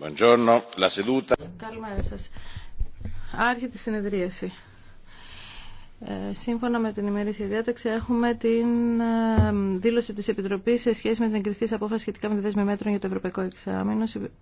Καλημέρα σας. Άρχεται η συνεδρίαση. Ε, σύμφωνα με την ημερήσια διάταξη έχουμε την ε, δήλωση της Επιτροπής σε σχέση με την εγκριθής απόφαση σχετικά με τη δέσμη μέτρων για το Ευρωπαϊκό Εξάμεινο.